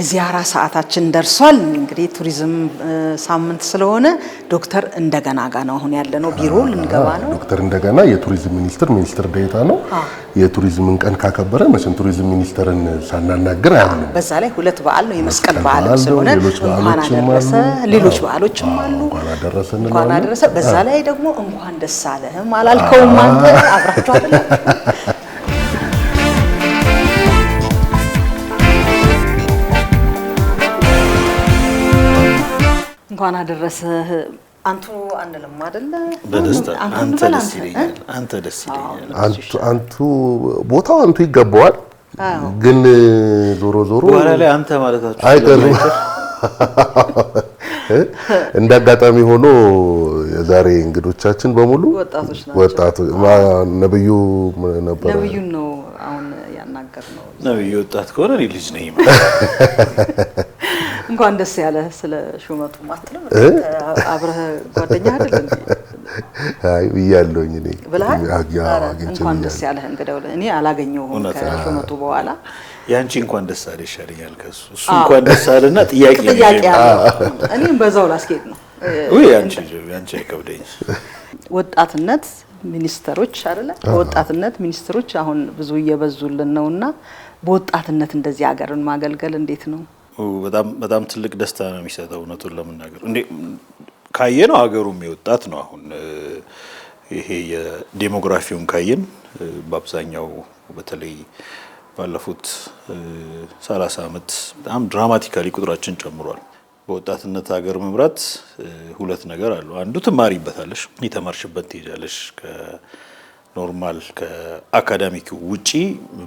የዚያራ ሰዓታችን ደርሷል። እንግዲህ ቱሪዝም ሳምንት ስለሆነ ዶክተር እንደገና ጋ ነው አሁን ያለ ነው ቢሮ ልንገባ ነው። ዶክተር እንደገና የቱሪዝም ሚኒስትር ሚኒስትር ዴታ ነው። የቱሪዝምን ቀን ካከበረ መቼም ቱሪዝም ሚኒስትርን ሳናናግር አያምንም። በዛ ላይ ሁለት በዓል ነው የመስቀል በዓል ስለሆነ ሌሎች እንኳን አሉ፣ ሌሎች በዓሎችም አሉ። እንኳን አደረሰ። በዛ ላይ ደግሞ እንኳን ደስ አለህም አላልከውም አንተ አብራችሁ አይደለም እንኳን አደረሰህ። አንቱ አንልም አይደለ? በደስታ አንተ ደስ ይለኛል፣ አንቱ ቦታው አንቱ ይገባዋል። ግን ዞሮ ዞሮ በኋላ ላይ አንተ ማለታችሁ አይቀርም። እንደ አጋጣሚ ሆኖ የዛሬ እንግዶቻችን በሙሉ ወጣቶች ናቸው። ነብዩ ነበር። ነብዩ ነው አሁን ያናገር ነው። ነብዩ ወጣት ከሆነ ልጅ ነኝ እንኳን ደስ ያለ ስለ ሹመቱ ማትልም አብረህ ጓደኛ አይደል? አይ ብያለሁኝ እኔ ብለሃል። እንኳን ደስ ያለህ እንግዲያው እኔ አላገኘሁም ከሹመቱ በኋላ ያንቺ እንኳን ደስ አለ ይሻለኛል ከሱ እሱ እንኳን ደስ አለና ጥያቄ ጥያቄ አለ። እኔም በዛው ላስኬድ ነው። ውይ ያንቺ ያንቺ አይከብደኝ። ወጣትነት ሚኒስተሮች አይደለ? ወጣትነት ሚኒስትሮች አሁን ብዙ እየበዙልን ነውና በወጣትነት እንደዚህ ሀገርን ማገልገል እንዴት ነው? በጣም ትልቅ ደስታ ነው የሚሰጠው። እውነቱን ለመናገር እንዴ ካየ ነው ሀገሩም የወጣት ነው። አሁን ይሄ የዴሞግራፊውን ካየን በአብዛኛው በተለይ ባለፉት 30 ዓመት በጣም ድራማቲካሊ ቁጥራችን ጨምሯል። በወጣትነት ሀገር መምራት ሁለት ነገር አሉ። አንዱ ትማሪበታለሽ፣ የተማርሽበት ትሄጃለሽ ከኖርማል ከአካዳሚክ ውጪ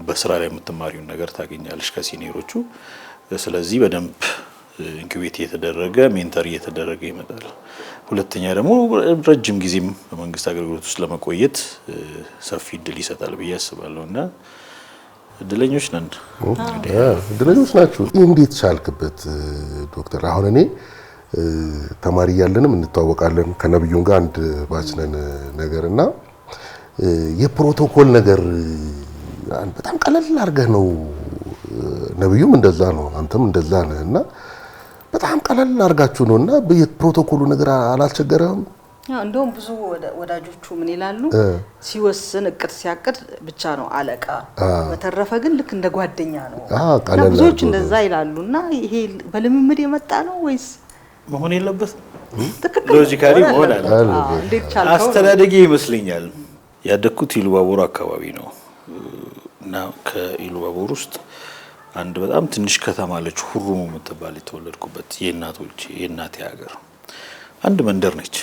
በስራ ላይ የምትማሪውን ነገር ታገኛለሽ ከሲኒሮቹ ስለዚህ በደንብ ኢንኩቤት እየተደረገ ሜንተር እየተደረገ ይመጣል። ሁለተኛ ደግሞ ረጅም ጊዜም በመንግስት አገልግሎት ውስጥ ለመቆየት ሰፊ እድል ይሰጣል ብዬ አስባለሁ እና እድለኞች ነን። እድለኞች ናችሁ። እንዴት ቻልክበት ዶክተር? አሁን እኔ ተማሪ እያለንም እንተዋወቃለን ከነብዩን ጋር አንድ ባችነን ነገር እና የፕሮቶኮል ነገር በጣም ቀለል አድርገህ ነው ነብዩም እንደዛ ነው፣ አንተም እንደዛ ነህ እና በጣም ቀለል አድርጋችሁ ነው እና የፕሮቶኮሉ ነገር አላስቸገረም። እንደውም ብዙ ወዳጆቹ ምን ይላሉ፣ ሲወስን እቅድ ሲያቅድ ብቻ ነው አለቃ፣ በተረፈ ግን ልክ እንደ ጓደኛ ነው። ብዙዎች እንደዛ ይላሉ። እና ይሄ በልምምድ የመጣ ነው ወይስ መሆን የለበትም? ሎጂካሊ መሆን አለ። አስተዳደጌ ይመስለኛል ያደግኩት ኢሉባቦር አካባቢ ነው እና ከኢሉባቦር ውስጥ አንድ በጣም ትንሽ ከተማ አለች ሁሩሙ የምትባል የተወለድኩበት የእናቶች የእናቴ ሀገር አንድ መንደር ነች።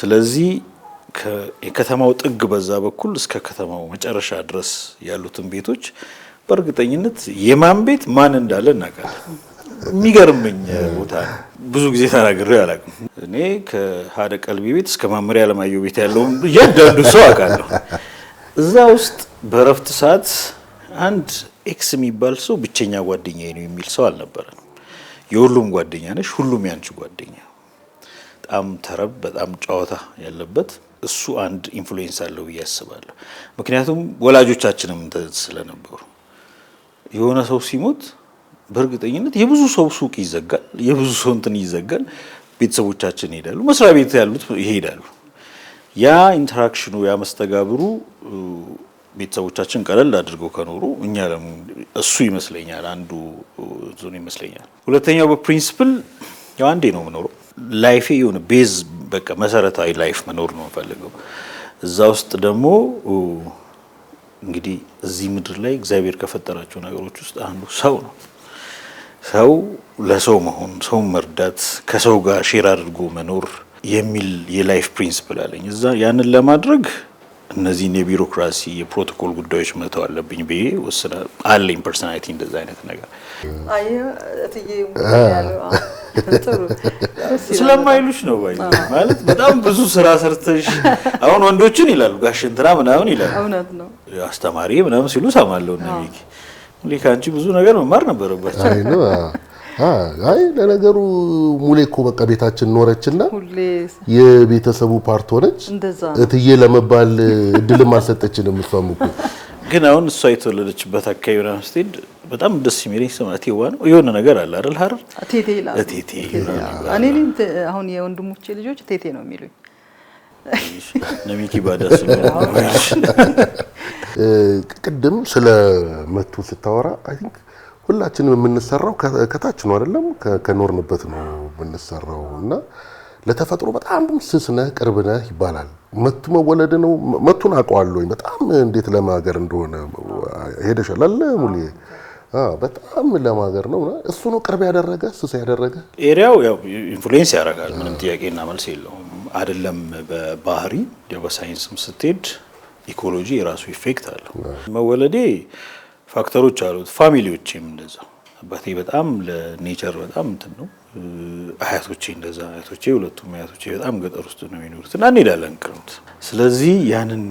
ስለዚህ የከተማው ጥግ በዛ በኩል እስከ ከተማው መጨረሻ ድረስ ያሉትን ቤቶች በእርግጠኝነት የማን ቤት ማን እንዳለ እናውቃለን። የሚገርመኝ ቦታ ነው። ብዙ ጊዜ ተናግሬው አላውቅም። እኔ ከሀደ ቀልቢ ቤት እስከ ማመሪያ አለማየሁ ቤት ያለውን እያንዳንዱ ሰው አውቃለሁ። እዛ ውስጥ በእረፍት ሰዓት አንድ ኤክስ የሚባል ሰው ብቸኛ ጓደኛ ነው የሚል ሰው አልነበረም። የሁሉም ጓደኛ ነሽ፣ ሁሉም ያንቺ ጓደኛ። በጣም ተረብ፣ በጣም ጨዋታ ያለበት እሱ አንድ ኢንፍሉዌንስ አለው ብዬ አስባለሁ። ምክንያቱም ወላጆቻችንም ስለነበሩ የሆነ ሰው ሲሞት በእርግጠኝነት የብዙ ሰው ሱቅ ይዘጋል፣ የብዙ ሰው እንትን ይዘጋል። ቤተሰቦቻችን ይሄዳሉ፣ መስሪያ ቤት ያሉት ይሄዳሉ። ያ ኢንተራክሽኑ ያ መስተጋብሩ ቤተሰቦቻችን ቀለል አድርገው ከኖሩ እኛ እሱ ይመስለኛል አንዱ ዞን ይመስለኛል። ሁለተኛው በፕሪንስፕል ያው አንዴ ነው የምኖረው። ላይፌ የሆነ ቤዝ በቃ መሰረታዊ ላይፍ መኖር ነው የምፈልገው። እዛ ውስጥ ደግሞ እንግዲህ እዚህ ምድር ላይ እግዚአብሔር ከፈጠራቸው ነገሮች ውስጥ አንዱ ሰው ነው። ሰው ለሰው መሆን፣ ሰው መርዳት፣ ከሰው ጋር ሼር አድርጎ መኖር የሚል የላይፍ ፕሪንስፕል አለኝ። እዛ ያንን ለማድረግ እነዚህን የቢሮክራሲ የፕሮቶኮል ጉዳዮች መተው አለብኝ ብዬ ወስነ አለኝ። ፐርሶናሊቲ እንደዛ አይነት ነገር ስለማይሉሽ ነው ባይ ማለት በጣም ብዙ ስራ ሰርተሽ አሁን ወንዶችን ይላሉ ጋሽ እንትና ምናምን ይላሉ አስተማሪ ምናምን ሲሉ ሰማለሁ። እነ ሚኪ ከአንቺ ብዙ ነገር መማር ነበረባቸው። አይ ለነገሩ ሙሌ እኮ በቃ ቤታችን ኖረችና የቤተሰቡ ፓርት ሆነች። እትዬ ለመባል እድልም አልሰጠችንም። እሷም እኮ ግን አሁን እሷ የተወለደችበት አካባቢ ሆነ ስትሄድ በጣም ደስ የሚለኝ ስም እቴዋ ነው። የሆነ ነገር አለ አይደል? ሀረር እቴቴ ይላል። እቴቴ እኔ አሁን የወንድሞቼ ልጆች እቴቴ ነው የሚሉኝ። ነሚኪ ባዳ ቅድም ስለ መቱ ስታወራ አይ ቲንክ ሁላችንም የምንሰራው ከታች ነው አይደለም፣ ከኖርንበት ነው የምንሰራው እና ለተፈጥሮ በጣም ስስ ነህ ቅርብ ነህ ይባላል። መቱ መወለድ ነው መቱን ወይ በጣም እንዴት ለማገር እንደሆነ ሄደሻል አለ ሙሌ በጣም ለማገር ነው እሱ ነው ቅርብ ያደረገ ስስ ያደረገ ኤሪያው ያው ኢንፍሉዌንስ ያደርጋል። ምንም ጥያቄና መልስ የለውም። አይደለም በባህሪ በሳይንስም ስትሄድ ኢኮሎጂ የራሱ ኢፌክት አለው መወለዴ ፋክተሮች አሉት። ፋሚሊዎቼም እንደዛ አባቴ በጣም ለኔቸር በጣም እንትን ነው። አያቶቼ እንደዛ አያቶቼ ሁለቱም አያቶቼ በጣም ገጠር ውስጥ ነው የሚኖሩት እና እንሄዳለን ክረምት። ስለዚህ ያንን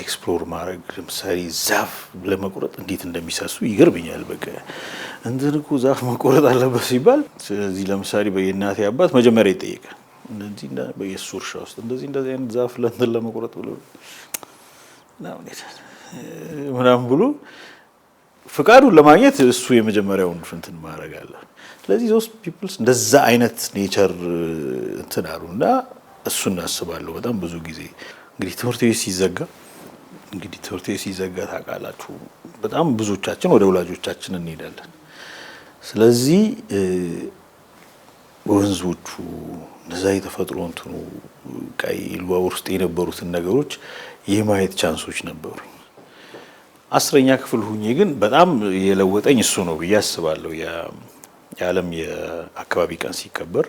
ኤክስፕሎር ማድረግ ለምሳሌ ዛፍ ለመቁረጥ እንዴት እንደሚሳሱ ይገርብኛል። በቃ እንትን እኮ ዛፍ መቁረጥ አለበት ሲባል ስለዚህ ለምሳሌ በየእናቴ አባት መጀመሪያ ይጠየቃል። እንደዚህ በየሱ እርሻ ውስጥ እንደዚህ እንደዚህ አይነት ዛፍ ለእንትን ለመቁረጥ ብሎ ምናምን ብሎ ፍቃዱን ለማግኘት እሱ የመጀመሪያውን እንትን ማድረግ አለ። ስለዚህ ሶስት ፒፕልስ እንደዛ አይነት ኔቸር እንትን አሉ እና እሱ እናስባለሁ በጣም ብዙ ጊዜ እንግዲህ ትምህርት ቤት ሲዘጋ እንግዲህ ትምህርት ቤት ሲዘጋ ታውቃላችሁ፣ በጣም ብዙዎቻችን ወደ ወላጆቻችን እንሄዳለን። ስለዚህ ወንዞቹ እነዛ የተፈጥሮ እንትኑ ቀይ ልዋ ውስጥ የነበሩትን ነገሮች የማየት ቻንሶች ነበሩ። አስረኛ ክፍል ሁኜ ግን በጣም የለወጠኝ እሱ ነው ብዬ አስባለሁ። የዓለም የአካባቢ ቀን ሲከበር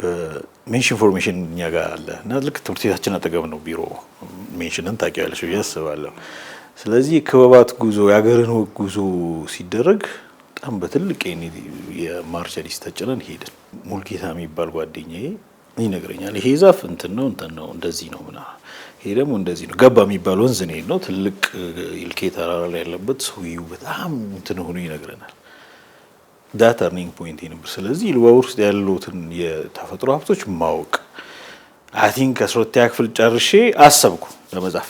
በሜንሽን ኢንፎርሜሽን እኛ ጋር አለ እና ልክ ትምህርት ቤታችን አጠገብ ነው ቢሮ ሜንሽንን ታውቂያለሽ ብዬ አስባለሁ። ስለዚህ ክበባት ጉዞ፣ የሀገርን ወግ ጉዞ ሲደረግ በጣም በትልቅ የማርቸዲስ ተጭነን ሄድን። ሙልጌታ የሚባል ጓደኛዬ ይነግረኛል ይሄ ዛፍ እንትን ነው እንትን ነው እንደዚህ ነው ምናምን ይሄ ደግሞ እንደዚህ ነው። ገባ የሚባል ወንዝ ነው ነው ትልቅ ይልኬ ተራራ ላይ ያለበት ሰውዬው በጣም እንትን ሆኖ ይነግረናል። ዳ ተርኒንግ ፖይንት ነበር። ስለዚህ ኢሉባቡር ውስጥ ያሉትን የተፈጥሮ ሀብቶች ማወቅ አቲንክ አስራ ሁለተኛ ክፍል ጨርሼ አሰብኩ ለመጻፍ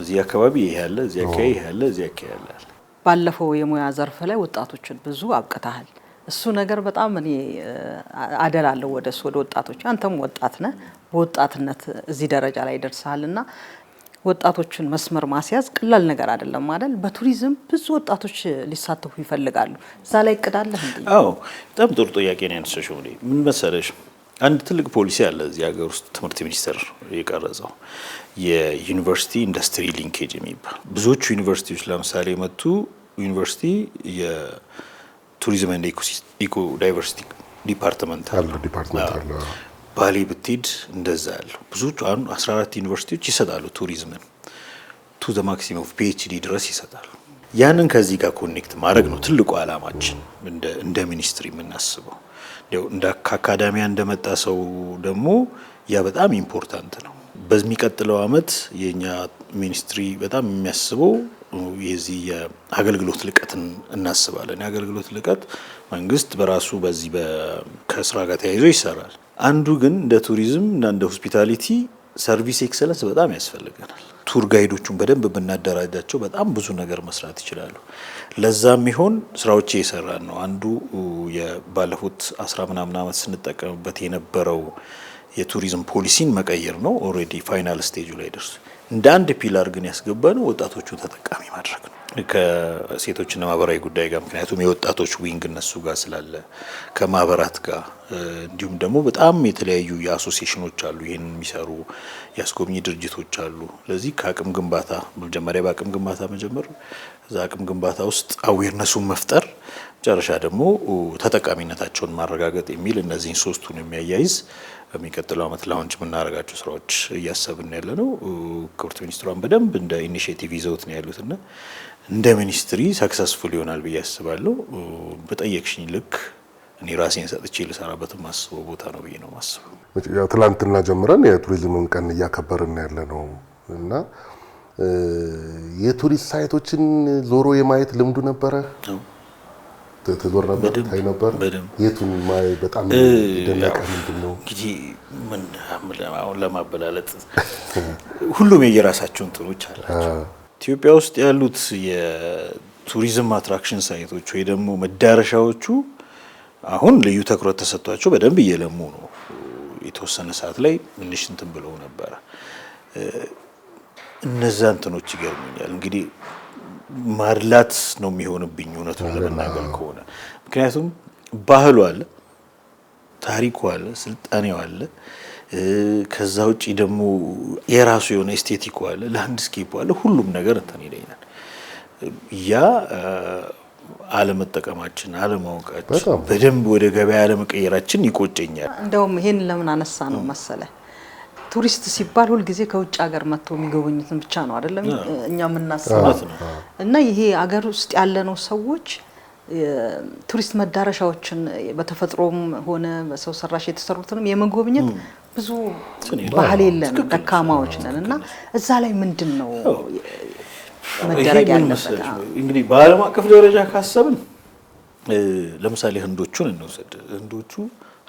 እዚህ አካባቢ ይሄ ያለ፣ እዚህ አካባቢ ይሄ ያለ፣ እዚህ አካባቢ ያለ። ባለፈው የሙያ ዘርፍ ላይ ወጣቶችን ብዙ አብቅታሃል። እሱ ነገር በጣም እኔ አደላለሁ ወደ እሱ ወደ ወጣቶች። አንተም ወጣት ነ በወጣትነት እዚህ ደረጃ ላይ ደርሰሃል እና ወጣቶችን መስመር ማስያዝ ቀላል ነገር አይደለም አይደል? በቱሪዝም ብዙ ወጣቶች ሊሳተፉ ይፈልጋሉ። እዛ ላይ እቅዳለህ? አዎ፣ በጣም ጥሩ ጥያቄ ነው ያነሳሽው። ምን መሰለሽ አንድ ትልቅ ፖሊሲ አለ እዚህ ሀገር ውስጥ ትምህርት ሚኒስቴር የቀረጸው የዩኒቨርሲቲ ኢንዱስትሪ ሊንኬጅ የሚባል ብዙዎቹ ዩኒቨርሲቲዎች ለምሳሌ መጡ ዩኒቨርሲቲ ቱሪዝም ኤንድ ኢኮ ዳይቨርሲቲ ዲፓርትመንት አለ ዲፓርትመንት አለ። ባሌ ብትሄድ እንደዛ ያለ ብዙ አሁን 14 ዩኒቨርሲቲዎች ይሰጣሉ ቱሪዝምን ቱ ዘ ማክሲም ኦፍ ፒኤችዲ ድረስ ይሰጣሉ። ያንን ከዚህ ጋር ኮኔክት ማድረግ ነው ትልቁ ዓላማችን እንደ ሚኒስትሪ የምናስበው። ከአካዳሚያ እንደመጣ ሰው ደግሞ ያ በጣም ኢምፖርታንት ነው። በሚቀጥለው አመት የእኛ ሚኒስትሪ በጣም የሚያስበው የዚህ የአገልግሎት ልቀትን እናስባለን። የአገልግሎት ልቀት መንግስት በራሱ በዚህ ከስራ ጋር ተያይዞ ይሰራል። አንዱ ግን እንደ ቱሪዝም እና እንደ ሆስፒታሊቲ ሰርቪስ ኤክሰለንስ በጣም ያስፈልገናል። ቱር ጋይዶቹን በደንብ ብናደራጃቸው በጣም ብዙ ነገር መስራት ይችላሉ። ለዛም ይሆን ስራዎች እየሰራን ነው። አንዱ የባለፉት አስራ ምናምን ዓመት ስንጠቀምበት የነበረው የቱሪዝም ፖሊሲን መቀየር ነው። ኦልሬዲ ፋይናል ስቴጁ ላይ ደርሷል። እንደ አንድ ፒላር ግን ያስገባ ነው ወጣቶቹን ተጠቃሚ ማድረግ ነው ከሴቶችና ማህበራዊ ጉዳይ ጋር ምክንያቱም የወጣቶች ዊንግ እነሱ ጋር ስላለ ከማህበራት ጋር እንዲሁም ደግሞ በጣም የተለያዩ የአሶሲሽኖች አሉ፣ ይህን የሚሰሩ የአስጎብኚ ድርጅቶች አሉ። ለዚህ ከአቅም ግንባታ መጀመሪያ በአቅም ግንባታ መጀመር፣ እዛ አቅም ግንባታ ውስጥ አዌርነሱን መፍጠር፣ መጨረሻ ደግሞ ተጠቃሚነታቸውን ማረጋገጥ የሚል እነዚህን ሶስቱን የሚያያይዝ በሚቀጥለው ዓመት ላውንች የምናደርጋቸው ስራዎች እያሰብን ያለ ነው። ክብርት ሚኒስትሯን በደንብ እንደ ኢኒሽቲቭ ይዘውት ነው ያሉት እና እንደ ሚኒስትሪ ሰክሰስፉል ይሆናል ብዬ አስባለሁ። በጠየቅሽኝ ልክ እኔ ራሴን ሰጥቼ ልሰራበት ማስበው ቦታ ነው ብዬ ነው ማስበው። ትላንትና ጀምረን የቱሪዝምን ቀን እያከበርን ያለ ነው እና የቱሪስት ሳይቶችን ዞሮ የማየት ልምዱ ነበረ ተዞር ታይ ነበር። የቱን በጣም ደነቀ? ምንድን ነው እንግዲህ ለማበላለጥ ሁሉም የየራሳቸውን እንትኖች አላቸው። ኢትዮጵያ ውስጥ ያሉት የቱሪዝም አትራክሽን ሳይቶች ወይ ደግሞ መዳረሻዎቹ አሁን ልዩ ትኩረት ተሰጥቷቸው በደንብ እየለሙ ነው። የተወሰነ ሰዓት ላይ ትንሽ እንትን ብለው ነበረ። እነዛ እንትኖች ይገርሙኛል እንግዲህ ማድላት ነው የሚሆንብኝ እውነቱን ለመናገር ከሆነ ምክንያቱም ባህሉ አለ፣ ታሪኩ አለ፣ ስልጣኔው አለ። ከዛ ውጭ ደግሞ የራሱ የሆነ ኤስቴቲኩ አለ፣ ላንድስኬፕ አለ፣ ሁሉም ነገር እንትን ይለኛል። ያ አለመጠቀማችን፣ አለማወቃችን፣ በደንብ ወደ ገበያ አለመቀየራችን ይቆጨኛል። እንደውም ይህን ለምን አነሳ ነው መሰለ ቱሪስት ሲባል ሁልጊዜ ከውጭ ሀገር መጥቶ የሚጎበኙትን ብቻ ነው አይደለም እኛ የምናስበው እና ይሄ አገር ውስጥ ያለነው ሰዎች ቱሪስት መዳረሻዎችን በተፈጥሮም ሆነ በሰው ሰራሽ የተሰሩትንም የመጎብኘት ብዙ ባህል የለን፣ ደካማዎች ነን እና እዛ ላይ ምንድን ነው መደረግ ያለበት? እንግዲህ በዓለም አቀፍ ደረጃ ካሰብን ለምሳሌ ህንዶቹን እንውሰድ። ህንዶቹ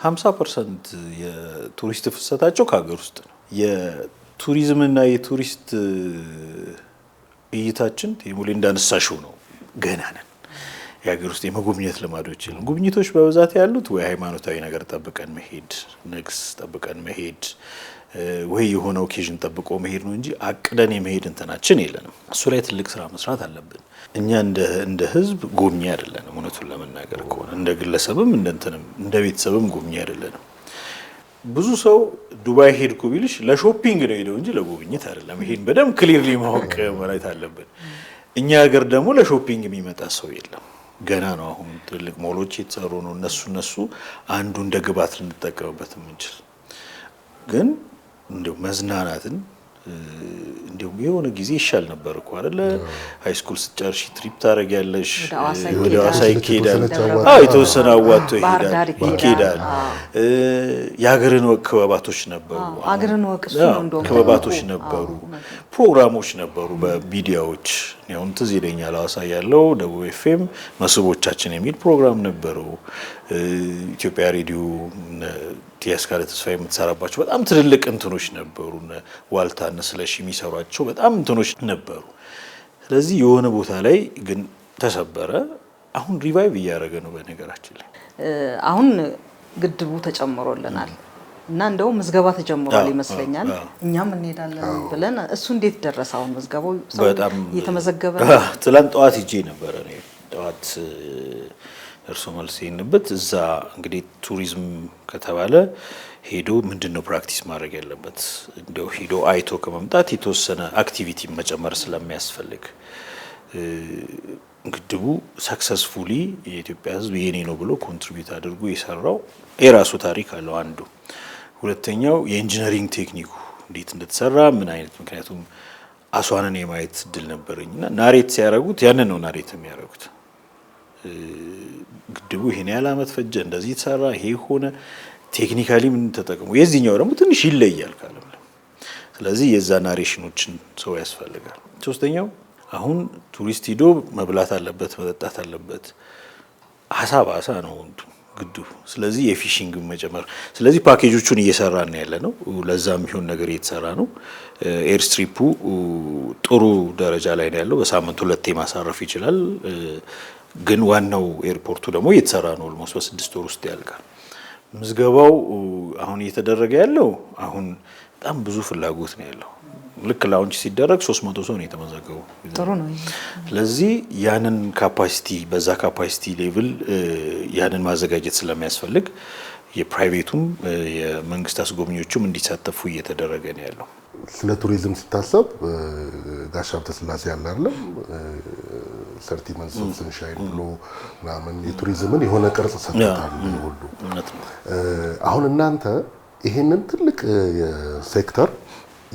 ሀምሳ ፐርሰንት የቱሪስት ፍሰታቸው ከሀገር ውስጥ ነው። የቱሪዝምና የቱሪስት እይታችን ሙሌ እንዳነሳሽው ነው፣ ገና ነን። የሀገር ውስጥ የመጎብኘት ልማዶች ጉብኝቶች በብዛት ያሉት ወይ ሃይማኖታዊ ነገር ጠብቀን መሄድ፣ ንግስ ጠብቀን መሄድ ወይ የሆነ ኦኬዥን ጠብቆ መሄድ ነው እንጂ አቅደን የመሄድ እንትናችን የለንም። እሱ ላይ ትልቅ ስራ መስራት አለብን። እኛ እንደ ህዝብ ጎብኚ አይደለንም፣ እውነቱን ለመናገር ከሆነ እንደ ግለሰብም እንደ እንትንም እንደ ቤተሰብም ጎብኚ አይደለንም። ብዙ ሰው ዱባይ ሄድኩ ቢልሽ ለሾፒንግ ነው ሄደው እንጂ ለጉብኝት አይደለም። ይሄን በደንብ ክሊርሊ ማወቅ መሬት አለብን። እኛ ሀገር ደግሞ ለሾፒንግ የሚመጣ ሰው የለም። ገና ነው። አሁን ትልቅ ሞሎች የተሰሩ ነው። እነሱ እነሱ አንዱ እንደ ግብዓት ልንጠቀምበት የምንችል ግን እንዲሁ መዝናናትን እንዲሁም የሆነ ጊዜ ይሻል ነበር እኮ አይደለ? ሀይ ስኩል ስጨርሽ ትሪፕ ታደርጊያለሽ፣ ወደ ሐዋሳ ይኬዳል፣ የተወሰነ አዋቶ ይኬዳል። የሀገርን ወግ ክበባቶች ነበሩ፣ ክበባቶች ነበሩ፣ ፕሮግራሞች ነበሩ በሚዲያዎች። አሁን ትዝ ይለኛል ሐዋሳ ያለው ደቡብ ኤፍኤም መስህቦቻችን የሚል ፕሮግራም ነበረው። ኢትዮጵያ ሬዲዮ ቲያስካለ ተስፋ የምትሰራባቸው በጣም ትልልቅ እንትኖች ነበሩ። ዋልታና ስለሺ የሚሰሯቸው በጣም እንትኖች ነበሩ። ስለዚህ የሆነ ቦታ ላይ ግን ተሰበረ። አሁን ሪቫይቭ እያደረገ ነው። በነገራችን ላይ አሁን ግድቡ ተጨምሮልናል እና እንደውም ምዝገባ ተጀምሯል ይመስለኛል። እኛም እንሄዳለን ብለን እሱ እንዴት ደረሰ? አሁን ምዝገባው በጣም እየተመዘገበ ትላንት ጠዋት ሂጄ ነበረ ጠዋት እርሶ መልስ ይህንበት እዛ እንግዲህ ቱሪዝም ከተባለ ሄዶ ምንድን ነው ፕራክቲስ ማድረግ ያለበት እንዲያው ሄዶ አይቶ ከመምጣት የተወሰነ አክቲቪቲ መጨመር ስለሚያስፈልግ ግድቡ ሰክሰስፉሊ የኢትዮጵያ ሕዝብ የኔ ነው ብሎ ኮንትሪቢዩት አድርጎ የሰራው የራሱ ታሪክ አለው አንዱ። ሁለተኛው የኢንጂነሪንግ ቴክኒኩ እንዴት እንደተሰራ ምን አይነት ምክንያቱም አሷንን የማየት እድል ነበረኝ እና ናሬት ሲያደርጉት ያንን ነው ናሬት የሚያደርጉት ግድቡ ይሄን ያህል ዓመት ፈጀ፣ እንደዚህ ተሰራ፣ ይሄ ሆነ፣ ቴክኒካሊ ምን ተጠቅሙ። የዚህኛው ደግሞ ትንሽ ይለያል ካለም ስለዚህ የዛ ናሬሽኖችን ሰው ያስፈልጋል። ሶስተኛው አሁን ቱሪስት ሂዶ መብላት አለበት መጠጣት አለበት። አሳ በአሳ ነው ግድቡ። ስለዚህ የፊሽንግ መጨመር ስለዚህ ፓኬጆቹን እየሰራ ነው ያለ ነው። ለዛ የሚሆን ነገር እየተሰራ ነው። ኤርስትሪፑ ጥሩ ደረጃ ላይ ነው ያለው። በሳምንት ሁለቴ ማሳረፍ ይችላል። ግን ዋናው ኤርፖርቱ ደግሞ እየተሰራ ነው። ኦልሞስት በስድስት ወር ውስጥ ያልቃል። ምዝገባው አሁን እየተደረገ ያለው አሁን በጣም ብዙ ፍላጎት ነው ያለው። ልክ ላውንች ሲደረግ ሶስት መቶ ሰው ነው የተመዘገበው። ጥሩ ነው። ስለዚህ ያንን ካፓሲቲ በዛ ካፓሲቲ ሌቭል ያንን ማዘጋጀት ስለሚያስፈልግ የፕራይቬቱም የመንግስት አስጎብኚዎቹም እንዲሳተፉ እየተደረገ ነው ያለው። ስለ ቱሪዝም ሲታሰብ ጋሽ ሀብተስላሴ ያለ አይደለም ሰርቲ መንስት ስንሻይን ብሎ ምናምን የቱሪዝምን የሆነ ቅርጽ ሰጥታል። ሁሉ አሁን እናንተ ይሄንን ትልቅ ሴክተር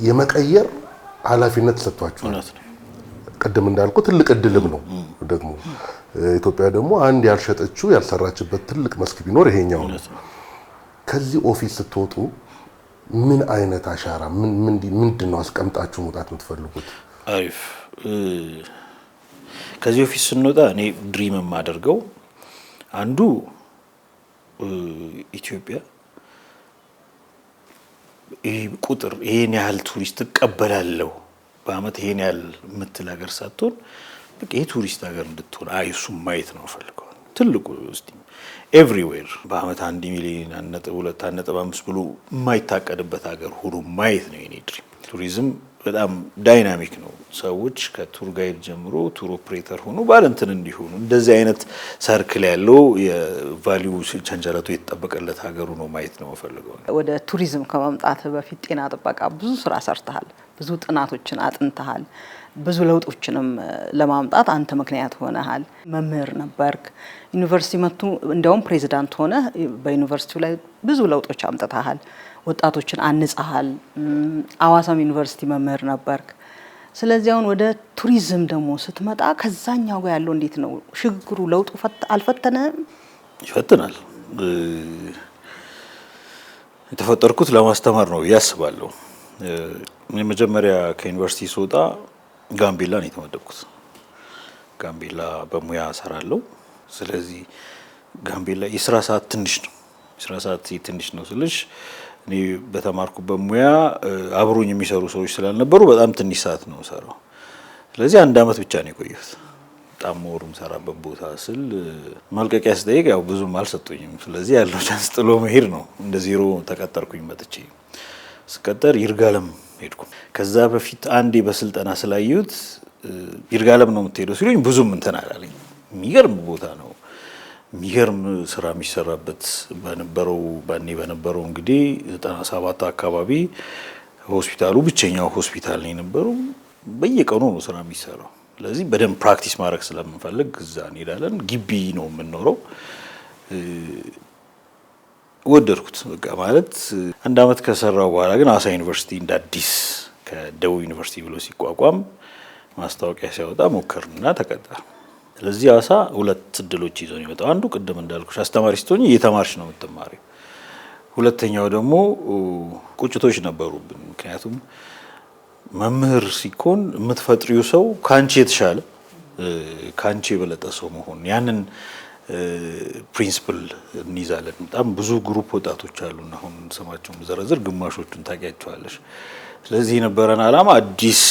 የመቀየር ኃላፊነት ተሰጥቷችኋል። ቅድም እንዳልኩ ትልቅ እድልም ነው። ደግሞ ኢትዮጵያ ደግሞ አንድ ያልሸጠችው ያልሰራችበት ትልቅ መስክ ቢኖር ይሄኛው ነው። ከዚህ ኦፊስ ስትወጡ ምን አይነት አሻራ ምንድን ነው አስቀምጣችሁ መውጣት የምትፈልጉት? አሪፍ ከዚህ በፊት ስንወጣ እኔ ድሪም የማደርገው አንዱ ኢትዮጵያ ይህ ቁጥር ይህን ያህል ቱሪስት እቀበላለሁ በአመት ይህን ያህል የምትል ሀገር ሳትሆን በቃ የቱሪስት ሀገር እንድትሆን እሱም ማየት ነው ፈልገው ትልቁ ስ ኤቭሪዌር በአመት አንድ ሚሊዮን አንድ ነጥብ ሁለት አንድ ነጥብ አምስት ብሎ የማይታቀድበት ሀገር ሁሉ ማየት ነው የኔ ድሪም ቱሪዝም በጣም ዳይናሚክ ነው። ሰዎች ከቱር ጋይድ ጀምሮ ቱር ኦፕሬተር ሆኖ ባለንትን እንዲሆኑ እንደዚህ አይነት ሰርክል ያለው የቫሊዩ ቸንጀረቱ የተጠበቀለት ሀገሩ ነው ማየት ነው ፈልገው። ወደ ቱሪዝም ከመምጣት በፊት ጤና ጥበቃ ብዙ ስራ ሰርተሃል፣ ብዙ ጥናቶችን አጥንተሃል፣ ብዙ ለውጦችንም ለማምጣት አንተ ምክንያት ሆነሃል። መምህር ነበርክ፣ ዩኒቨርሲቲ መቱ፣ እንዲያውም ፕሬዚዳንት ሆነ በዩኒቨርሲቲው ላይ ብዙ ለውጦች አምጥተሃል። ወጣቶችን አንጻሃል። አዋሳም ዩኒቨርሲቲ መምህር ነበርክ። ስለዚህ አሁን ወደ ቱሪዝም ደግሞ ስትመጣ ከዛኛው ጋር ያለው እንዴት ነው ሽግግሩ? ለውጡ አልፈተነም? ይፈትናል። የተፈጠርኩት ለማስተማር ነው ብዬ አስባለሁ። የመጀመሪያ ከዩኒቨርሲቲ ስወጣ ጋምቤላ ነው የተመደብኩት። ጋምቤላ በሙያ ሰራለሁ። ስለዚህ ጋምቤላ የስራ ሰዓት ትንሽ ነው። የስራ ሰዓት ትንሽ ነው ስልሽ እኔ በተማርኩበት ሙያ አብሮኝ የሚሰሩ ሰዎች ስላልነበሩ በጣም ትንሽ ሰዓት ነው ሰራው። ስለዚህ አንድ አመት ብቻ ነው የቆየሁት። በጣም ወሩ ሰራበት ቦታ ስል መልቀቂያ ስጠይቅ ያው ብዙም አልሰጡኝም። ስለዚህ ያለው ቻንስ ጥሎ መሄድ ነው። እንደ ዜሮ ተቀጠርኩኝ። መጥቼ ስቀጠር ይርጋለም ሄድኩ። ከዛ በፊት አንዴ በስልጠና ስላዩት ይርጋለም ነው የምትሄደው ሲሉኝ ብዙም እንትን አላለኝ። የሚገርም ቦታ ነው የሚገርም ስራ የሚሰራበት በነበረው በኔ በነበረው እንግዲህ 97 አካባቢ ሆስፒታሉ ብቸኛው ሆስፒታል ነው የነበረው። በየቀኑ ነው ስራ የሚሰራው። ስለዚህ በደንብ ፕራክቲስ ማድረግ ስለምንፈልግ እዛ እንሄዳለን። ግቢ ነው የምንኖረው። ወደድኩት በቃ ማለት አንድ አመት ከሰራው በኋላ ግን አሳ ዩኒቨርሲቲ እንደ አዲስ ከደቡብ ዩኒቨርሲቲ ብሎ ሲቋቋም ማስታወቂያ ሲያወጣ ሞከርና ተቀጠር ስለዚህ አሳ ሁለት እድሎች ይዞ ነው የመጣው። አንዱ ቅድም እንዳልኩሽ አስተማሪ ስትሆኝ እየተማርሽ ነው የምትማሪ። ሁለተኛው ደግሞ ቁጭቶች ነበሩብን። ምክንያቱም መምህር ሲኮን የምትፈጥሪው ሰው ከአንቺ የተሻለ ከአንቺ የበለጠ ሰው መሆን ያንን ፕሪንስፕል እንይዛለን። በጣም ብዙ ግሩፕ ወጣቶች አሉን። አሁን ስማቸው ዘረዝር ግማሾቹን ታውቂያቸዋለሽ። ስለዚህ የነበረን ዓላማ አዲስ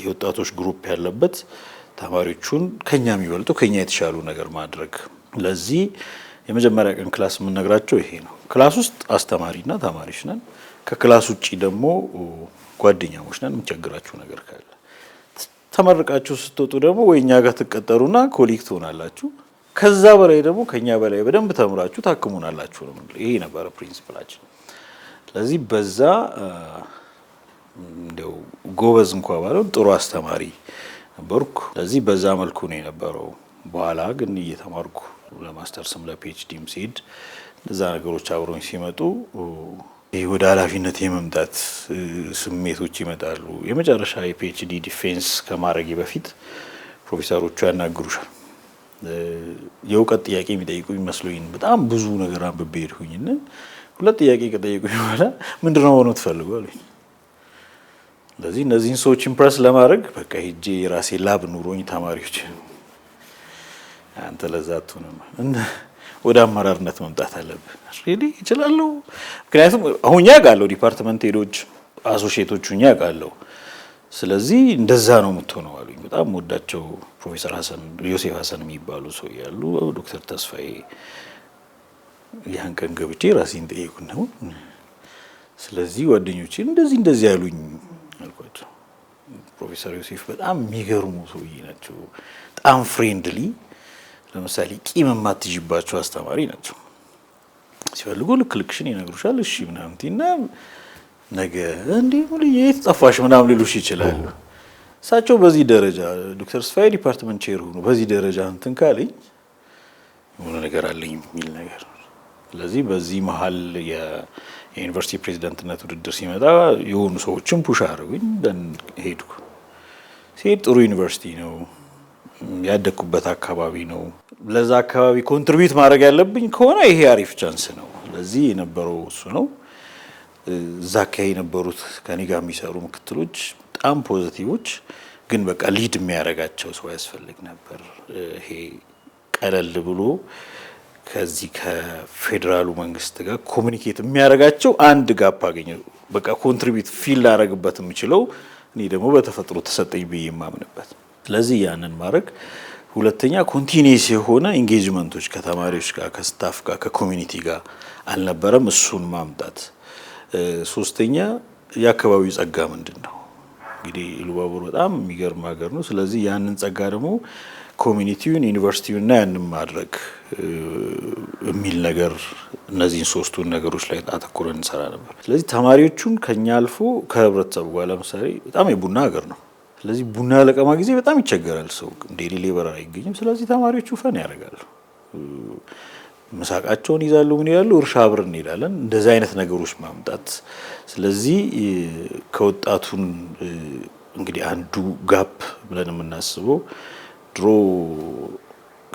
የወጣቶች ግሩፕ ያለበት ተማሪዎቹን ከኛ የሚበልጡ ከኛ የተሻሉ ነገር ማድረግ። ለዚህ የመጀመሪያ ቀን ክላስ የምንነግራቸው ይሄ ነው። ክላስ ውስጥ አስተማሪና ተማሪሽ ነን። ከክላስ ውጭ ደግሞ ጓደኛሞች ነን። የምቸግራችሁ ነገር ካለ ተመርቃችሁ ስትወጡ ደግሞ ወይ እኛ ጋር ትቀጠሩና ኮሊክ ትሆናላችሁ። ከዛ በላይ ደግሞ ከኛ በላይ በደንብ ተምራችሁ ታክሙናላችሁ ነው። ይሄ ነበረ ፕሪንስፕላችን። ስለዚህ በዛ እንደው ጎበዝ እንኳ ባለው ጥሩ አስተማሪ ነበርኩ። ስለዚህ በዛ መልኩ ነው የነበረው። በኋላ ግን እየተማርኩ ለማስተርስም ለፒኤችዲም ሲሄድ እነዛ ነገሮች አብሮኝ ሲመጡ ወደ ኃላፊነት የመምጣት ስሜቶች ይመጣሉ። የመጨረሻ የፒኤችዲ ዲፌንስ ከማድረጌ በፊት ፕሮፌሰሮቹ ያናግሩሻል። የእውቀት ጥያቄ የሚጠይቁ ይመስሉኝ በጣም ብዙ ነገር አንብቤ ሄድኩኝና ሁለት ጥያቄ ከጠየቁኝ በኋላ ምንድነው ሆኖ አሉኝ። ስለዚህ እነዚህን ሰዎች ኢምፕረስ ለማድረግ በቃ ሄጄ የራሴ ላብ ኑሮኝ ተማሪዎች አንተ ለዛ አትሆንም፣ ወደ አመራርነት መምጣት አለብህ። ሪሊ እችላለሁ። ምክንያቱም አሁን እኛ ቃለሁ ዲፓርትመንት ሄዶች አሶሽቶቹ እኛ ቃለሁ። ስለዚህ እንደዛ ነው የምትሆነው አሉኝ። በጣም ወዳቸው ፕሮፌሰር ሀሰን ዮሴፍ ሀሰን የሚባሉ ሰው ያሉ ዶክተር ተስፋዬ ያን ቀን ገብቼ ራሴን ጠየቁ ነው። ስለዚህ ጓደኞቼ እንደዚህ እንደዚህ ያሉኝ ፕሮፌሰር ዮሴፍ በጣም የሚገርሙ ሰውዬ ናቸው። በጣም ፍሬንድሊ፣ ለምሳሌ ቂም የማትዥባቸው አስተማሪ ናቸው። ሲፈልጉ ልክ ልክሽን ይነግሩሻል። እሺ ምናምንቲ እና ነገ እንዲ የት ጠፋሽ ምናምን ሊሉሽ ይችላሉ። እሳቸው በዚህ ደረጃ ዶክተር ስፋይ ዲፓርትመንት ቼር ሆኑ በዚህ ደረጃ እንትን ካለኝ የሆነ ነገር አለኝ የሚል ነገር ስለዚህ በዚህ መሀል የዩኒቨርሲቲ ፕሬዚደንትነት ውድድር ሲመጣ የሆኑ ሰዎችም ፑሽ አድርጉኝ ሄድኩ። ሲሄድ ጥሩ ዩኒቨርሲቲ ነው፣ ያደግኩበት አካባቢ ነው። ለዛ አካባቢ ኮንትሪቢዩት ማድረግ ያለብኝ ከሆነ ይሄ አሪፍ ቻንስ ነው። ለዚህ የነበረው እሱ ነው። እዛ አካባቢ የነበሩት ከኔ ጋር የሚሰሩ ምክትሎች በጣም ፖዘቲቮች፣ ግን በቃ ሊድ የሚያደርጋቸው ሰው ያስፈልግ ነበር። ይሄ ቀለል ብሎ ከዚህ ከፌዴራሉ መንግስት ጋር ኮሚኒኬት የሚያደርጋቸው አንድ ጋፕ አገኘ። በቃ ኮንትሪቢዩት ፊል ላደርግበት የምችለው እኔ ደግሞ በተፈጥሮ ተሰጠኝ ብዬ የማምንበት ስለዚህ ያንን ማድረግ ሁለተኛ ኮንቲኒስ የሆነ ኢንጌጅመንቶች ከተማሪዎች ጋር ከስታፍ ጋር ከኮሚኒቲ ጋር አልነበረም፣ እሱን ማምጣት። ሶስተኛ የአካባቢው ጸጋ ምንድን ነው? እንግዲህ ኢሉባቡር በጣም የሚገርም ሀገር ነው። ስለዚህ ያንን ጸጋ ደግሞ ኮሚኒቲውን ዩኒቨርሲቲውና ያንን ማድረግ የሚል ነገር እነዚህን ሶስቱን ነገሮች ላይ አተኩረን እንሰራ ነበር። ስለዚህ ተማሪዎቹን ከኛ አልፎ ከህብረተሰቡ ጋር ለምሳሌ በጣም የቡና ሀገር ነው። ስለዚህ ቡና ለቀማ ጊዜ በጣም ይቸገራል ሰው ዴሊ ሌበር አይገኝም። ስለዚህ ተማሪዎቹ ፈን ያደርጋሉ፣ ምሳቃቸውን ይዛሉ፣ ምን ይላሉ፣ እርሻ ብር እንሄዳለን። እንደዚህ አይነት ነገሮች ማምጣት ስለዚህ ከወጣቱን እንግዲህ አንዱ ጋፕ ብለን የምናስበው ድሮ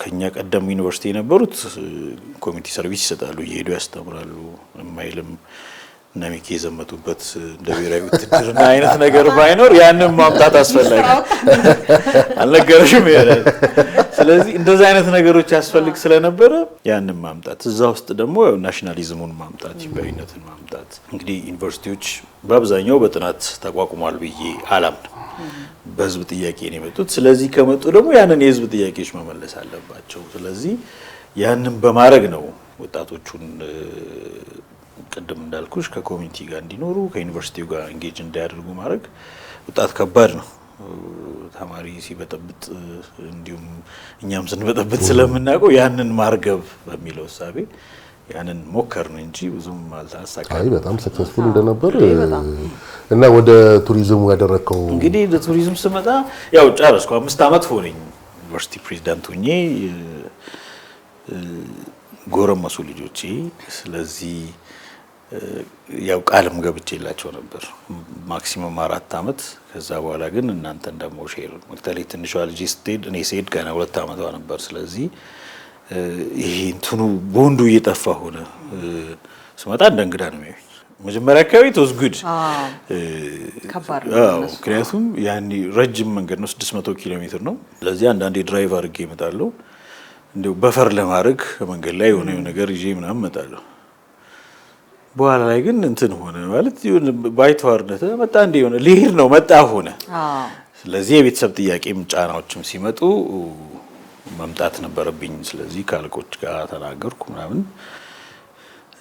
ከኛ ቀደም ዩኒቨርሲቲ የነበሩት ኮሚኒቲ ሰርቪስ ይሰጣሉ፣ እየሄዱ ያስተምራሉ። የማይልም ነሚኬ የዘመቱበት እንደ ብሔራዊ ውትድርና አይነት ነገር ባይኖር ያንን ማምጣት አስፈላጊ አልነገረሽም ይሆናል። ስለዚህ እንደዚህ አይነት ነገሮች ያስፈልግ ስለነበረ ያንን ማምጣት እዛ ውስጥ ደግሞ ናሽናሊዝሙን ማምጣት ኢትዮጵያዊነትን ማምጣት እንግዲህ ዩኒቨርሲቲዎች በአብዛኛው በጥናት ተቋቁሟል ብዬ አላምንም። በህዝብ ጥያቄ ነው የመጡት። ስለዚህ ከመጡ ደግሞ ያንን የህዝብ ጥያቄዎች መመለስ አለባቸው። ስለዚህ ያንን በማድረግ ነው ወጣቶቹን ቅድም እንዳልኩሽ ከኮሚኒቲ ጋር እንዲኖሩ ከዩኒቨርሲቲው ጋር እንጌጅ እንዳያደርጉ ማድረግ። ወጣት ከባድ ነው። ተማሪ ሲበጠብጥ እንዲሁም እኛም ስንበጠብጥ ስለምናውቀው ያንን ማርገብ በሚለው እሳቤ ያንን ሞከር ነው እንጂ ብዙም አልተሳካ። አይ በጣም ሰክሰስፉል እንደነበር እና ወደ ቱሪዝሙ ያደረከው እንግዲህ ወደ ቱሪዝም ስመጣ ያው ጨረስኩ። አምስት አመት ሆነኝ ዩኒቨርሲቲ ፕሬዚዳንት ሆኜ ጎረመሱ ልጆቼ። ስለዚህ ያው ቃልም ገብቼላቸው ነበር ማክሲመም አራት አመት። ከዛ በኋላ ግን እናንተ ደግሞ ሼር መቅተሌ ትንሿ ልጅ ስትሄድ እኔ ስሄድ ገና ሁለት ዓመቷ ነበር። ስለዚህ ይሄ እንትኑ ቦንዱ እየጠፋ ሆነ። ስመጣ እንደ እንግዳ ነው የሚያዩኝ። መጀመሪያ አካባቢ ቶዝ ጉድ ምክንያቱም ያኔ ረጅም መንገድ ነው፣ 600 ኪሎ ሜትር ነው። ስለዚህ አንዳንዴ ድራይቭ አድርጌ እመጣለሁ፣ እንዲሁ በፈር ለማድረግ መንገድ ላይ የሆነ ነገር ይዤ ምናምን እመጣለሁ። በኋላ ላይ ግን እንትን ሆነ ማለት ባይተዋርነት መጣ እንደ ሆነ ሊሄድ ነው መጣ ሆነ። ስለዚህ የቤተሰብ ጥያቄም ጫናዎችም ሲመጡ መምጣት ነበረብኝ። ስለዚህ ከአለቆች ጋር ተናገርኩ ምናምን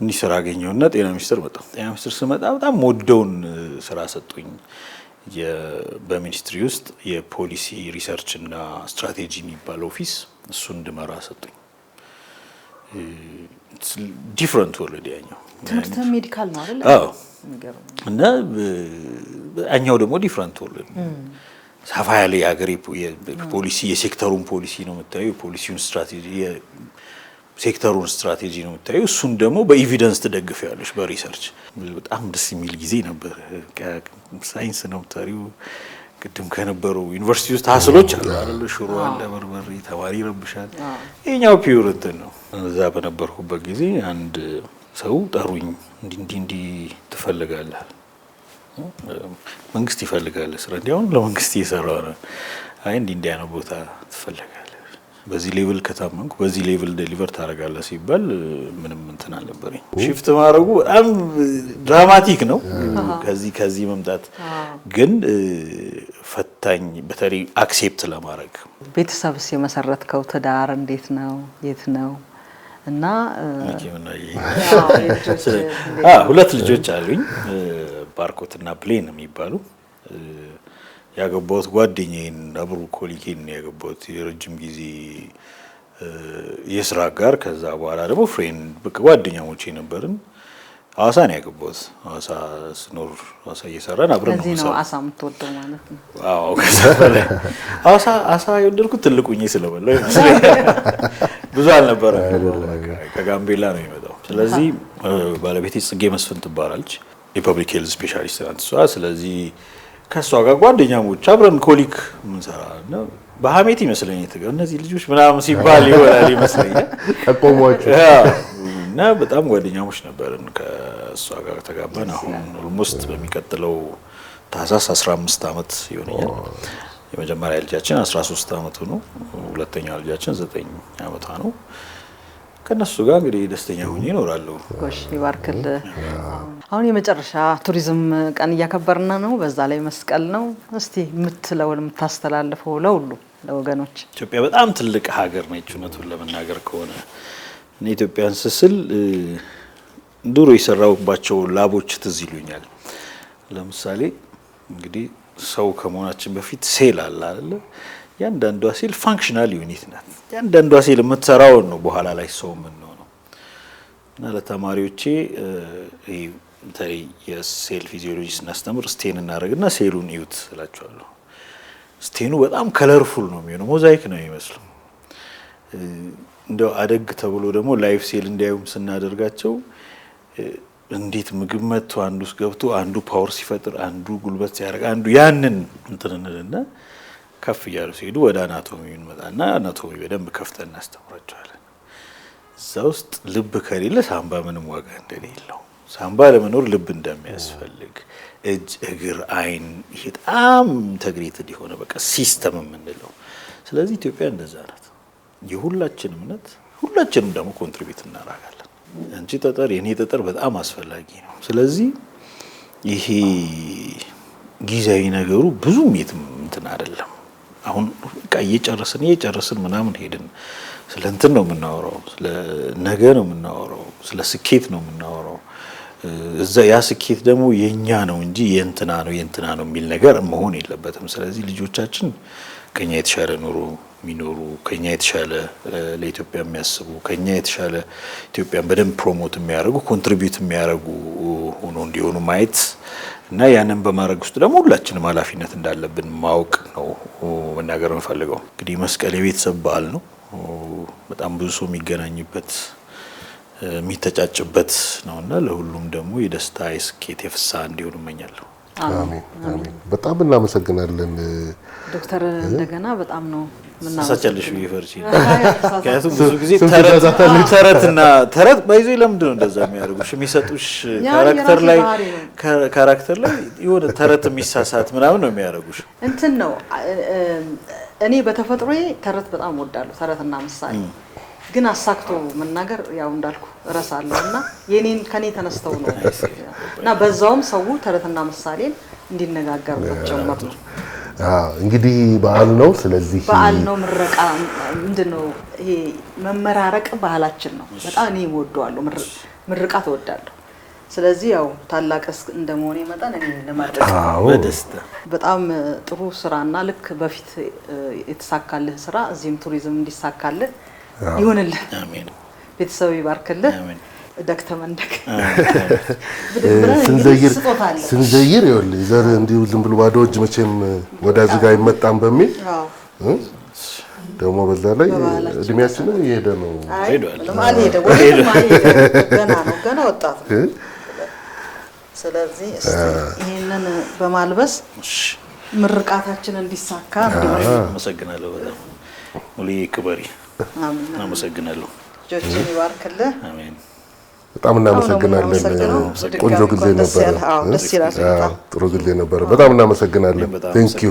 እኒህ ስራ አገኘውና ጤና ሚኒስቴር መጣ። ጤና ሚኒስቴር ስመጣ በጣም ወደውን ስራ ሰጡኝ። በሚኒስትሪ ውስጥ የፖሊሲ ሪሰርች እና ስትራቴጂ የሚባል ኦፊስ እሱ እንድመራ ሰጡኝ። ዲፍረንት ወርልድ ያኛው ሜዲካል ነው እና ያኛው ደግሞ ዲፍረንት ወርልድ ሰፋ ያለ የሀገር ፖሊሲ የሴክተሩን ፖሊሲ ነው የምታዩ፣ የፖሊሲውን ስትራቴጂ ሴክተሩን ስትራቴጂ ነው የምታዩ። እሱን ደግሞ በኤቪደንስ ትደግፍ ያለች በሪሰርች በጣም ደስ የሚል ጊዜ ነበር። ሳይንስ ነው የምታሪው። ቅድም ከነበሩ ዩኒቨርሲቲ ውስጥ ሀስሎች አለ፣ ሽሮ አለ፣ በርበሬ፣ ተማሪ ይረብሻል። ይህኛው ፒውር እንትን ነው። እዛ በነበርኩበት ጊዜ አንድ ሰው ጠሩኝ፣ እንዲህ እንዲህ ትፈልጋለህ መንግስት ይፈልጋል ስራ። እንዲያውም ለመንግስት እየሰራ ነው። አይ እንዲህ እንዲያ ነው ቦታ ትፈልጋል። በዚህ ሌቭል ከታመንኩ በዚህ ሌቭል ዴሊቨር ታደርጋለህ ሲባል ምንም እንትን አልነበረኝ። ሽፍት ማድረጉ በጣም ድራማቲክ ነው። ከዚህ ከዚህ መምጣት ግን ፈታኝ፣ በተለይ አክሴፕት ለማድረግ ቤተሰብስ የመሰረትከው ትዳር እንዴት ነው? የት ነው? እና ሁለት ልጆች አሉኝ ባርኮት እና ፕሌን የሚባሉ ያገባሁት ጓደኛዬን አብሩ ኮሊኬን ያገባሁት የረጅም ጊዜ የስራ ጋር ከዛ በኋላ ደግሞ ፍሬንድ በቃ ጓደኛሞች የነበርን ሐዋሳ ነው ያገባሁት። ሐዋሳ ስኖር ሐዋሳ እየሰራን አብረን ነው። አሳ የምትወደው ማለት ነው? አዎ፣ የወደድኩት ትልቁ ኝ ስለበላሁ ብዙ አልነበረ። ከጋምቤላ ነው የሚመጣው። ስለዚህ ባለቤቴ ጽጌ መስፍን ትባላለች። የፐብሊክ ሄልዝ ስፔሻሊስት ናት እሷ። ስለዚህ ከእሷ ጋር ጓደኛሞች አብረን ኮሊክ ምንሰራ በሀሜት ይመስለኝ እነዚህ ልጆች ምናምን ሲባል ይሆናል ይመስለኛል ጠቆሟቸው እና በጣም ጓደኛሞች ነበርን። ከእሷ ጋር ተጋባን። አሁን ኦልሞስት በሚቀጥለው ታህሳስ 15 ዓመት ይሆነኛል። የመጀመሪያ ልጃችን 13 ዓመቱ ነው። ሁለተኛ ልጃችን 9 ዓመቷ ነው። ከነሱ ጋር እንግዲህ ደስተኛ ሆኜ ይኖራሉ። ጎሽ ይባርክል። አሁን የመጨረሻ ቱሪዝም ቀን እያከበርን ነው። በዛ ላይ መስቀል ነው። እስቲ የምትለው የምታስተላልፈው ለሁሉ ለወገኖች። ኢትዮጵያ በጣም ትልቅ ሀገር ነች። እውነቱን ለመናገር ከሆነ እኔ ኢትዮጵያን ስስል ድሮ የሰራውባቸው ላቦች ትዝ ይሉኛል። ለምሳሌ እንግዲህ ሰው ከመሆናችን በፊት ሴል አለ አለ ያንዳንዷ ሴል ፋንክሽናል ዩኒት ናት። ያንዳንዷ ሴል የምትሰራውን ነው በኋላ ላይ ሰው የምንሆነው እና ለተማሪዎቼ በተለይ የሴል ፊዚዮሎጂ ስናስተምር ስቴን እናደርግና ሴሉን እዩት እላቸዋለሁ። ስቴኑ በጣም ከለርፉል ነው የሚሆነው፣ ሞዛይክ ነው የሚመስለው። እንደው አደግ ተብሎ ደግሞ ላይፍ ሴል እንዲያዩም ስናደርጋቸው እንዴት ምግብ መጥቶ አንዱ ውስጥ ገብቶ አንዱ ፓወር ሲፈጥር፣ አንዱ ጉልበት ሲያደርግ፣ አንዱ ያንን እንትንንልና ከፍ እያሉ ሲሄዱ ወደ አናቶሚ እንመጣና አናቶሚ በደንብ ከፍተን እናስተምራቸዋለን። እዛ ውስጥ ልብ ከሌለ ሳምባ ምንም ዋጋ እንደሌለው፣ ሳምባ ለመኖር ልብ እንደሚያስፈልግ፣ እጅ፣ እግር፣ አይን ይሄ በጣም ኢንተግሬትድ የሆነ በቃ ሲስተም የምንለው ስለዚህ ኢትዮጵያ እንደዛ ናት። የሁላችን እምነት ሁላችንም ደግሞ ኮንትሪቢዩት እናደርጋለን። አንቺ ጠጠር የኔ ጠጠር በጣም አስፈላጊ ነው። ስለዚህ ይሄ ጊዜያዊ ነገሩ ብዙም የትም እንትን አይደለም። አሁን ቃ እየጨረስን እየጨረስን ምናምን ሄድን። ስለ እንትን ነው የምናወራው፣ ስለ ነገ ነው የምናወራው፣ ስለ ስኬት ነው የምናወራው። እዛ ያ ስኬት ደግሞ የእኛ ነው እንጂ የእንትና ነው የእንትና ነው የሚል ነገር መሆን የለበትም። ስለዚህ ልጆቻችን ከኛ የተሻለ ኑሮ የሚኖሩ ከኛ የተሻለ ለኢትዮጵያ የሚያስቡ ከኛ የተሻለ ኢትዮጵያን በደንብ ፕሮሞት የሚያደርጉ ኮንትሪቢዩት የሚያደርጉ ሆኖ እንዲሆኑ ማየት እና ያንን በማድረግ ውስጥ ደግሞ ሁላችንም ኃላፊነት እንዳለብን ማወቅ ነው መናገር የምፈልገው። እንግዲህ መስቀል የቤተሰብ በዓል ነው። በጣም ብዙ ሰው የሚገናኝበት የሚተጫጭበት ነው እና ለሁሉም ደግሞ የደስታ የስኬት የፍሳ እንዲሆን እመኛለሁ። አሜን። በጣም እናመሰግናለን ዶክተር እንደገና በጣም ነው ሰጨልሽ ፈርቺ ምክንያቱም ብዙ ጊዜ ተረትና ተረት ባይዞ ለምንድን ነው እንደዛ የሚያደርጉሽ? የሚሰጡሽ ካራክተር ላይ ካራክተር ላይ የሆነ ተረት የሚሳሳት ምናምን ነው የሚያደርጉሽ። እንትን ነው እኔ በተፈጥሮዬ ተረት በጣም ወዳለሁ። ተረትና ምሳሌ ግን አሳክቶ መናገር ያው እንዳልኩ እረሳለሁ እና የኔን ከኔ ተነስተው ነው እና በዛውም ሰው ተረትና ምሳሌን እንዲነጋገርበት ጀመር ነው እንግዲህ በዓል ነው። ስለዚህ በዓል ነው፣ ምረቃ ምንድን ነው ይሄ መመራረቅ ባህላችን ነው። በጣም እኔ እወደዋለሁ፣ ምርቃት እወዳለሁ። ስለዚህ ያው ታላቅ እንደመሆኔ መጠን እኔ ለማድረግ በጣም ጥሩ ስራና ልክ በፊት የተሳካልህ ስራ እዚህም ቱሪዝም እንዲሳካልህ ይሁንልህ፣ ቤተሰብ ይባርክልህ። ስንዘይር ይኸውልህ ዘር እንዲሁ ዝም ብሎ ባዶ እጅ መቼም ወዳጅ ጋር አይመጣም በሚል ደግሞ በዛ ላይ እድሜያችንም እየሄደ ነው። ገና ወጣት ነው። ስለዚህ ይህንን በማልበስ ምርቃታችን እንዲሳካ አመሰግናለሁ። በጣም ሙሉ ክበሪ። አመሰግናለሁ። ልጆችን ይባርክልህ። አሜን። በጣም እናመሰግናለን። ቆንጆ ጊዜ ነበረ። ጥሩ ጊዜ ነበረ። በጣም እናመሰግናለን። ቴንኪዩ